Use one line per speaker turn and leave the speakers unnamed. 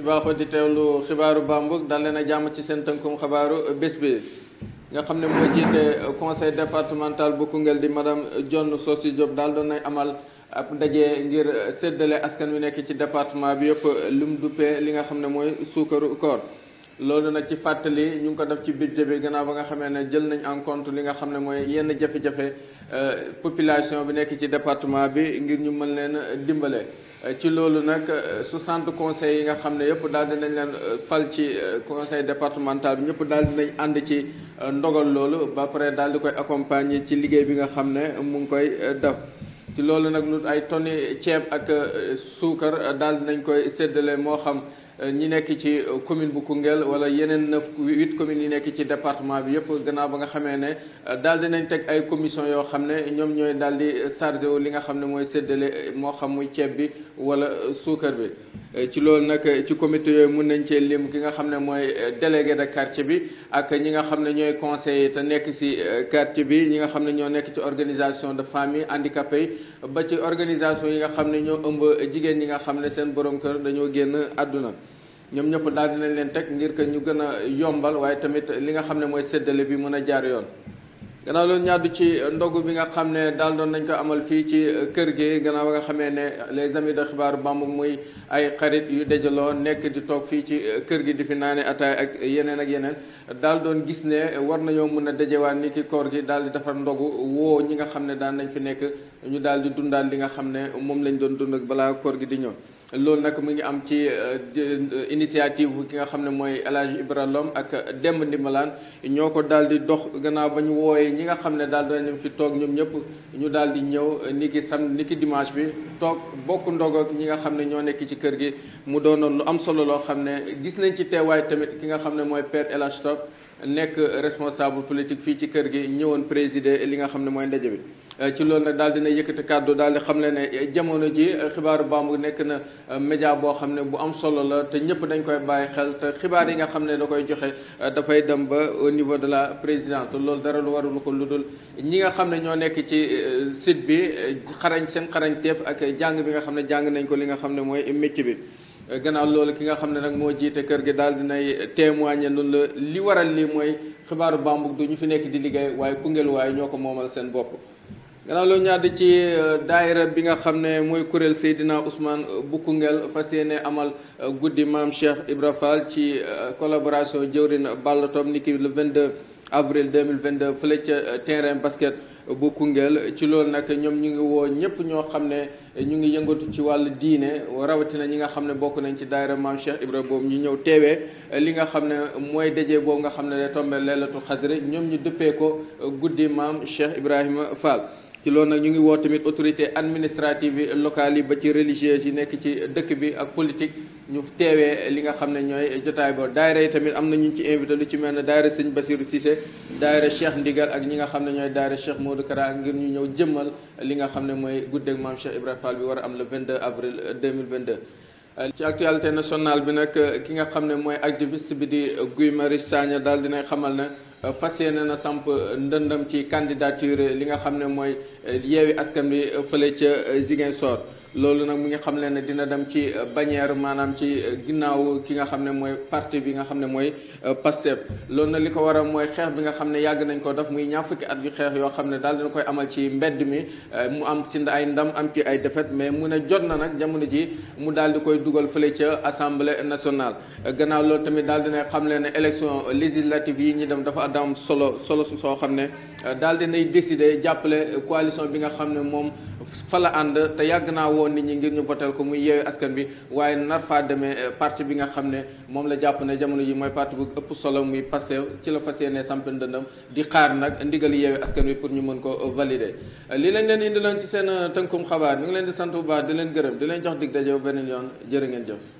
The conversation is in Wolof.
ci baaxoo di teewlu xibaaru Bambouk dal leen a jàmm ci seen tënkum xabaaru bés bi nga xam ne moo jiite conseil départemental bu Koungheul di madame Dione Socé Diop daal doon nay amal ab ndaje ngir séddale askan wi nekk ci département bi yëpp lum duppee li nga xam ne mooy suukaru koor loolu nag ci fàttali ñu ngi ko def ci budget bi gannaaw ba nga xamee ne jël nañ en compte li nga xam ne mooy yenn jafe-jafe euh, population bi nekk ci département bi ngir ñu mën leen dimbale. Euh, ci loolu nag 60 euh, conseils yi nga xam ne yëpp daal dinañ leen euh, fal ci conseil départemental bi ñëpp daal dinañ ànd ci ndogal loolu ba pare daal di koy accompagner ci liggéey bi nga xam ne mu ngi koy def ci loolu nag nu ay tonni ceeb ak suukar daal dinañ koy séddale moo xam ñi nekk ci euh, commune bu Koungheul wala yeneen neuf huit communes yi nekk ci département bi yëpp gannaaw ba nga xamee ne euh, daal dinañ teg ay commission yoo xam ne ñoom ñooy daal di euh, chargé wu li nga xam ne mooy séddale moo xam muy ceeb bi wala suukar bi Euh, ci loolu nag euh, ci comité yooyu mun nañ cee lim ki nga xam ne mooy euh, délégué de quartier bi ak ñi nga xam ne ñooy conseiller te nekk si quartier bi ñi nga xam ne ñoo nekk ci organisation de famille handicapé yi ba ci organisation yi nga xam ne ñoo ëmb jigéen ñi nga xam ne seen borom kër dañoo génn àdduna ñoom ñëpp daal dinañ leen teg ngir que ñu gën a yombal waaye tamit li nga xam ne mooy séddale bi mën a jaar yoon gannaaw loolu ñaaddu ci ndogu bi nga xam ne daal doon nañ ko amal fii ci euh, kër gi gannaaw ba nga xamee ne les amis de xibaaru Bambuk muy ay xarit yu dajaloo nekk di toog fii ci euh, kër gi di fi naane ataay ak yeneen ak yeneen daal doon gis ne war nañoo mun a dajewaat ni ki koor gi daal di defar ndogu woo ñi nga xam ne daan nañ fi nekk ñu daal di dundaal li nga xam ne moom lañ doon dund balaa koor gi di ñëw loolu nag mu ngi am ci euh, euh, initiative ki nga xam ne mooy El Hadj Ibra ak Demba Ndimbalaan ñoo ko daal di dox gannaaw ba ñu wooyee ñi nga xam ne daal danañ fi toog ñoom ñëpp ñu daal di ñëw euh, ni ki sam ni ki dimanche bi toog bokk ndog ak ñi nga xam ne ñoo nekk ci kër gi mu doonoon lu am solo loo xam ne gis nañ ci teewaay tamit ki nga xam ne mooy Père El Hadj nekk responsable politique fii ci kër gi ñëwoon présider li nga xam ne mooy ndaje bi ci loolu nag daal dina yëkkati kàddu daal di xam ne ne jamono ji xibaaru Bambey nekk na média boo xam ne bu am solo la te ñëpp dañ koy bàyyi xel te xibaar yi nga xam ne da koy joxe dafay dem ba au niveau de la présidence loolu dara lu warul ko lu dul ñi nga xam ne ñoo nekk ci euh, site bi euh, xarañ seen teef ak jàng bi nga xam ne jàng nañ ko li nga xam ne mooy métier bi. gannaaw loolu ki nga xam ne nag moo jiite kër gi daal dinay témoigné noonu la li waral lii mooy xibaaru bambuk du ñu fi nekk di liggéey waaye Koungheul waaye ñoo ko moomal seen bopp gannaaw loolu ñaar di ci euh, daayira bi nga xam ne mooy kuréel Seydina Ousmane euh, bu Koungheul fas yéene amal euh, guddi maam Cheikh Ibra Fall ci collaboration jëwrin Balla Tom ni ki le 22 avril 2022 fële ca euh, terrain basket euh, bu Koungheul ci loolu nag ñoom ñu ngi woo ñëpp ñoo xam ne euh, ñu ngi yëngatu ci wàllu diine rawatina ñi nga xam ne bokk nañ ci daayira maam Cheikh Ibra boobu ñu ñëw teewee li nga xam ne mooy dajee boobu nga xam ne day tombé leelatu xadri ñoom ñu dëppee ko guddi maam Cheikh Ibrahima Fall ci loolu nag ñu ngi woo tamit autorité administrative yi locale yi ba ci religieuses yi nekk ci dëkk bi ak politique ñu teewee li nga xam ne ñooy jotaay ba daayira yi tamit am na ñu ci invité lu ci mel ne daayira sëñ Basiru Cissé daayira Cheikh Ndigal ak ñi nga xam ne ñooy daayira Cheikh Modou Kara ngir ñu ñëw jëmmal li nga xam ne mooy guddeeg maam Cheikh Ibrahima Fall bi war a am le 22 avril 2022. ci actualité nationale bi nag ki nga xam ne mooy activiste bi di Guy Marius daal dinay xamal ne. Euh, fas yéene na samp euh, ndëndam ci candidature euh, li nga xam ne mooy yeewi askan wi fële ca Ziguinchor loolu nag mu ngi xam leen ne dina dem ci bannière maanaam ci ginnaaw ki nga xam ne mooy parti bi nga xam ne mooy euh, Pastef loolu na li ko waral mooy xeex bi nga xam ne yàgg nañ ko def muy ñaar fukki at yu xeex yoo xam ne daal dina koy amal ci mbedd mi euh, mu am ci ay ndam am ci ay défaite mais mu ne jot na nag jamono ji mu daal di koy dugal fële ca assemblée nationale euh, gannaaw loolu tamit daal dina xam leen ne élection législative yi ñi dem dafa adam solo solo soo xam ne daal dinay décider jàppale coalition bi nga xam ne moom fa la ànd te yàgg naa woon nit ñi ngir ñu votel ko muy yeewe askan bi waaye nar faa demee eh, parti bi nga xam ne moom la jàpp ne jamono yi mooy parti bu ëpp solo muy passé ci la fa yéenee samp ndëndam di xaar nag ndigal yeewe askan bi pour ñu mën ko eh, valider. lii lañ leen indiloon ci seen eh, tënkum xabaar ñu ngi leen di sant bu baax di leen gërëm di leen jox dig daje beneen yoon jërë ngeen jëf.